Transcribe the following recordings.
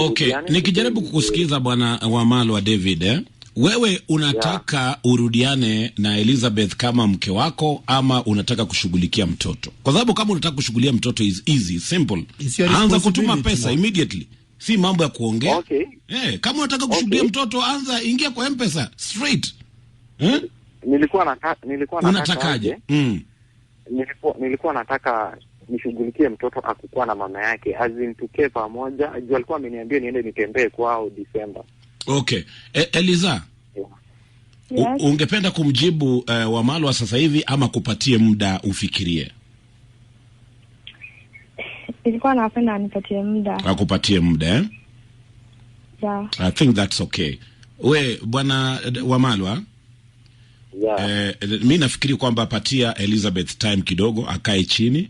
Okay, nikijaribu kukusikiza Bwana Wamalo wa David eh? Wewe unataka yeah, urudiane na Elizabeth kama mke wako ama unataka kushughulikia mtoto? Kwa sababu kama unataka kushughulikia mtoto is easy simple, anza kutuma pesa immediately, si mambo ya kuongea okay. Hey, eh, kama unataka kushughulikia okay, mtoto anza ingia kwa mpesa straight eh? Nilikuwa nataka mm. nilikuwa nataka unatakaje? Mm, nilikuwa nilikuwa nataka nishughulikie mtoto akukua na mama yake, azintukee pamoja juu alikuwa ameniambia niende nitembee kwao disemba Okay. E, Eliza yes. Ungependa kumjibu uh, Wamalwa sasa hivi ama kupatie muda ufikirie? Ilikuwa napenda anipatie muda. Akupatie muda eh? Yeah. I think that's okay. We bwana Wamalwa yeah. Eh, mi nafikiri kwamba patia Elizabeth time kidogo akae chini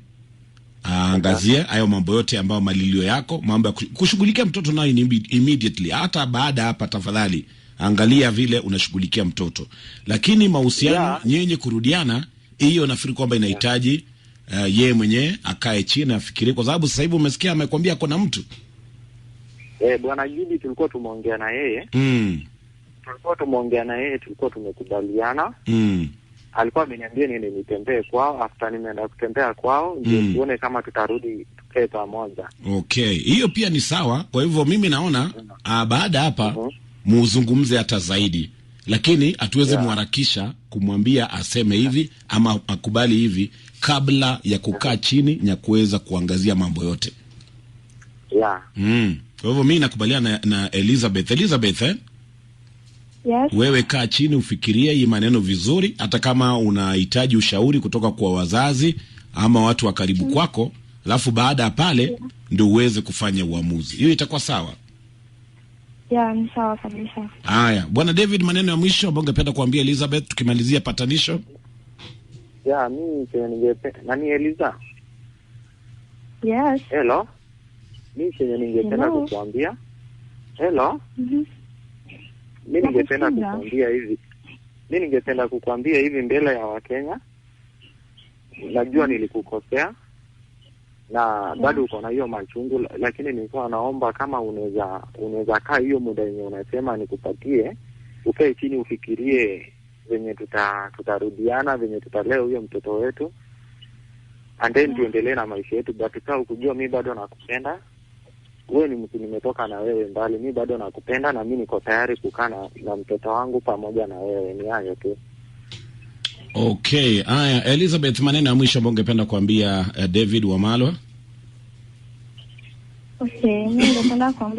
aangazie hayo mambo yote ambayo malilio yako, mambo ya kushughulikia mtoto nayo immediately, hata baada hapa, tafadhali angalia vile unashughulikia mtoto. Lakini mahusiano yeah, nyenye kurudiana, hiyo nafikiri kwamba inahitaji uh, yeye mwenyewe akae chini afikirie, kwa sababu sasa hivi umesikia amekwambia kuna mtu eh, bwana Judi, tulikuwa tumeongea na yeye mm, tulikuwa tumeongea na yeye, tulikuwa tumekubaliana mm alikuwa ameniambia niende nitembee kwao, after nimeenda kutembea kwao ndio mm. tuone kama tutarudi tukae pamoja. Okay, hiyo pia ni sawa. Kwa hivyo mimi naona uh, baada hapa mm -hmm. muzungumze hata zaidi, lakini hatuwezi yeah. mharakisha kumwambia aseme hivi ama akubali hivi kabla ya kukaa chini na kuweza kuangazia mambo yote yeah. mm. Kwa hivyo mi nakubaliana na Elizabeth Elizabeth eh? Yes. Wewe kaa chini ufikirie hii maneno vizuri, hata kama unahitaji ushauri kutoka kwa wazazi ama watu wa karibu mm. kwako, alafu baada ya pale yeah. ndio uweze kufanya uamuzi. Hiyo itakuwa sawa? Yeah, ni sawa kabisa. Haya, Bwana David, maneno ya mwisho ambayo ungependa kuambia Elizabeth tukimalizia patanisho? Yeah, mimi chenye ningependa nani Eliza? Yes. Hello. Mimi chenye ningependa kukuambia. Hello. Mm -hmm mi ningependa kukuambia hivi, mi ningependa kukwambia hivi mbele ya Wakenya, najua mm-hmm. nilikukosea na mm-hmm. bado uko na hiyo machungu, lakini nilikuwa naomba kama unaweza unaweza kaa hiyo muda yenye unasema nikupatie, ukae chini ufikirie venye tuta tutarudiana venye tutalea huyo mtoto wetu and then mm-hmm. tuendelee na maisha yetu, but ukujua mi bado nakupenda wewe ni mtu nimetoka na wewe mbali, mi bado nakupenda na mi niko tayari kukaa na mtoto wangu pamoja na wewe. Ni hayo tu. Okay, haya Elizabeth, maneno ya mwisho ambayo ungependa kuambia uh, David Wamalwa? Okay, mi ningependa kuambia